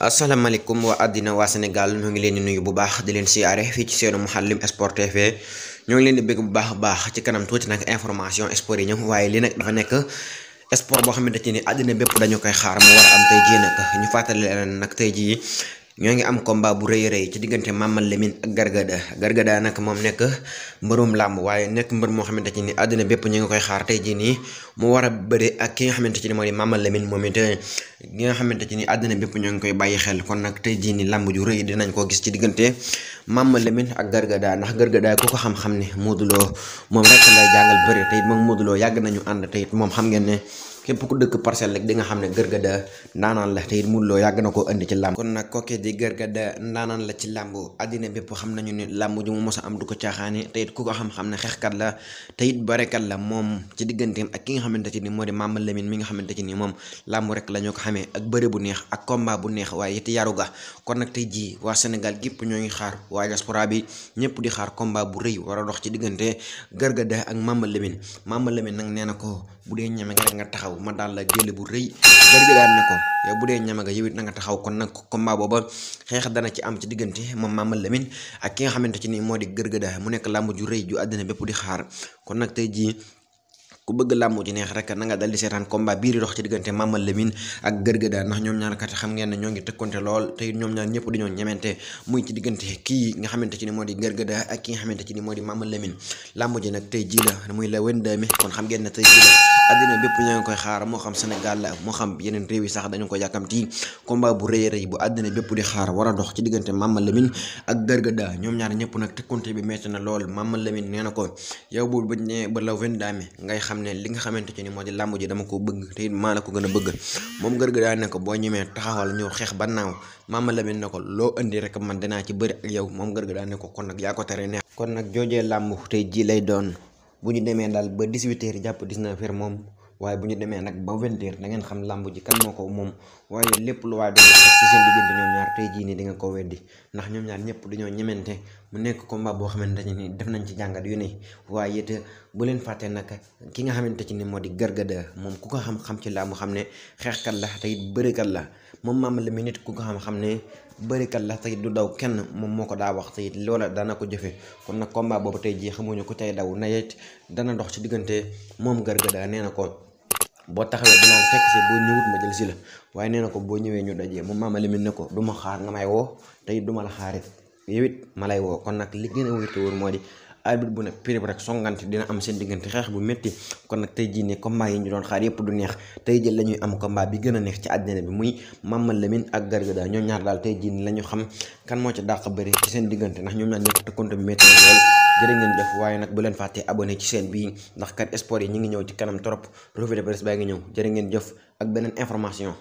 asalaamaaleykum waa àddina waa Sénégal ñoo ngi leen di nuyu bu baax di leen siyaare fii ci seenu Mouhalim Sport TV ñoo ngi leen di bëgg bu baax a baax ci kanam tuuti nag information sport yi ñëw waaye lii nag dafa nekk sport boo xamante ne àddina bépp dañu koy xaar mu war a am tey ñu fàttali leen nag tey jii ñoo ngi am combat bu rëy rëy ci diggante Mama lemin ak Gargada Gargada nag moom nekk mbërum làmb waaye nekk mbër moo xamante ci ni àddina bépp ñu ngi koy xaar tey jii nii mu war a bëre ak ki nga xamante ci ni moo di Mama Lamine moom it ki nga xamante ni àddina bépp ñoo ngi koy bàyyi xel kon nag tey jii nii làmb ju rëy ko gis ci diggante Mama Lamine ak Gargada ndax Gargada ku ko xam-xam ne Modou Lo moom rek lay jàngal bëri te it moom Modou yàgg nañu ànd te it moom xam ngeen ne képp ku dëkk parcelle rek di nga xam ne gërgëda ndaanaan la te it Modou yàgg na ko indi ci làmb kon nag kookee di gërgëda ndaanaan la ci làmb àddina bépp xam nañu ni làmb ju mu mos a am du ko caaxaani te it ku ko xam-xam ne xeexkat la te it barekat la moom ci digganteem ak ki nga xamante ci ni moo di Mama Lamine mi nga xamante ci ni moom làmb rek la ñoo ko xamee ak bëre bu neex ak combat bu neex waaye it yaru ga kon nag tey jii waa Sénégal gépp ñoo ngi xaar waa diaspora bi ñëpp di xaar combat bu rëy war a dox ci diggante gërgëda ak Mama Lamine Mama nag nee na ko bu dee ñeme nga taxaw ma daal la jël bu rëy garga daan ne ko yow bu dee ñamaga na nga taxaw kon nag combat booba xeex dana ci am ci diggante moom Mama Lamine ak ki nga xamante ni moo di Garga da mu nekk làmb ju rëy ju àddina bépp di xaar kon nag tey jii ku bëgg làmb ji neex rek na nga dal di seetaan combat bii di ak Garga da ndax ñoom ñaar kat xam ngeen ne ñoo ngi tëkkonte lool te ñoom ñaar ñëpp dañoo ñemente muy ci diggante kii nga xamante ci ni moo di Garga da ak ki nga xamante ci ni moo di Mama Lamine làmb ji nag tey jii la muy la wen demi kon xam ngeen ne tey jii la àddina bépp ñaa ngi koy xaar moo xam Sénégal la moo xam yeneen réew yi sax dañu ko yàkkamti combat bu rëy rëy bu àddina bépp di xaar war a dox ci diggante Mama Lamine ak Gargada ñoom ñaar ñëpp nag tëkkonte bi metti na lool Mama Lamine nee na ko yow boobu bañ ne ba la wen ngay xam ne li nga xamante ci ni moo di làmb ji dama ko bëgg te it maa la ko gën a bëgg moom Gargada ne ko boo ñemee taxawal ñëw xeex ba naaw Mama Lamine ne ko loo indi rek man danaa ci bëri yow moom Gargada ne ko kon nag yaa ko tere neex kon nag joojee làmb tey ji lay doon bu ñu demee daal ba 18 yi jàpp na h moom waaye bu ñu demee nag ba 20h da ngeen xam làmb ji kan moo ko moom waaye lépp lu waaye doon jii nii di nga ko weddi ndax ñoom ñaar ñëpp dañoo ñemente mu nekk ko combat boo xamante ne def nañ ci jàngat yu ne waaye it bu leen fàtte nag ki nga xamante ci ni moo di gargada moom ku ko xam-xam ci laa làmb xam ne xeexkat la te it bërekat la moom maam la mi nit ku ko xam-xam ne bërikat la tey du daw kenn moom moo ko daa wax tey loola dana ko jëfe kon nag combat boobu tey jii xamuñu ko tey daw nayet dana dox ci diggante moom gargada nee na ko boo taxawee dinaa fekk si boo ñëwut ma jël si la waaye nee na ko boo ñëwee ñu dajee moom maama limin ne ko du ma xaar nga may woo tey du ma la xaarit yow ma lay woo kon nag li gën a wér te moo di arbitre bu ne prib rek songante dina am seen diggante xeex bu métti kon nag tey jii ne combat yi ñu doon xaar yëpp du neex tey jii la ñuy am combat bi gën a neex ci àddina bi muy Mama Lamine ak Garga daal ñoom ñaar daal tey jii ni la ñu xam kan moo ci dàq bëri ci seen diggante ndax ñoom ñaar ñëpp tëkkonte bi métti lool jërë ngeen jëf waaye nag bu leen fàttee abonné ci seen bii ndax kat sport yi ñu ngi ñëw ci kanam trop revue de presse baa ngi ñëw jërë ngeen jëf ak beneen information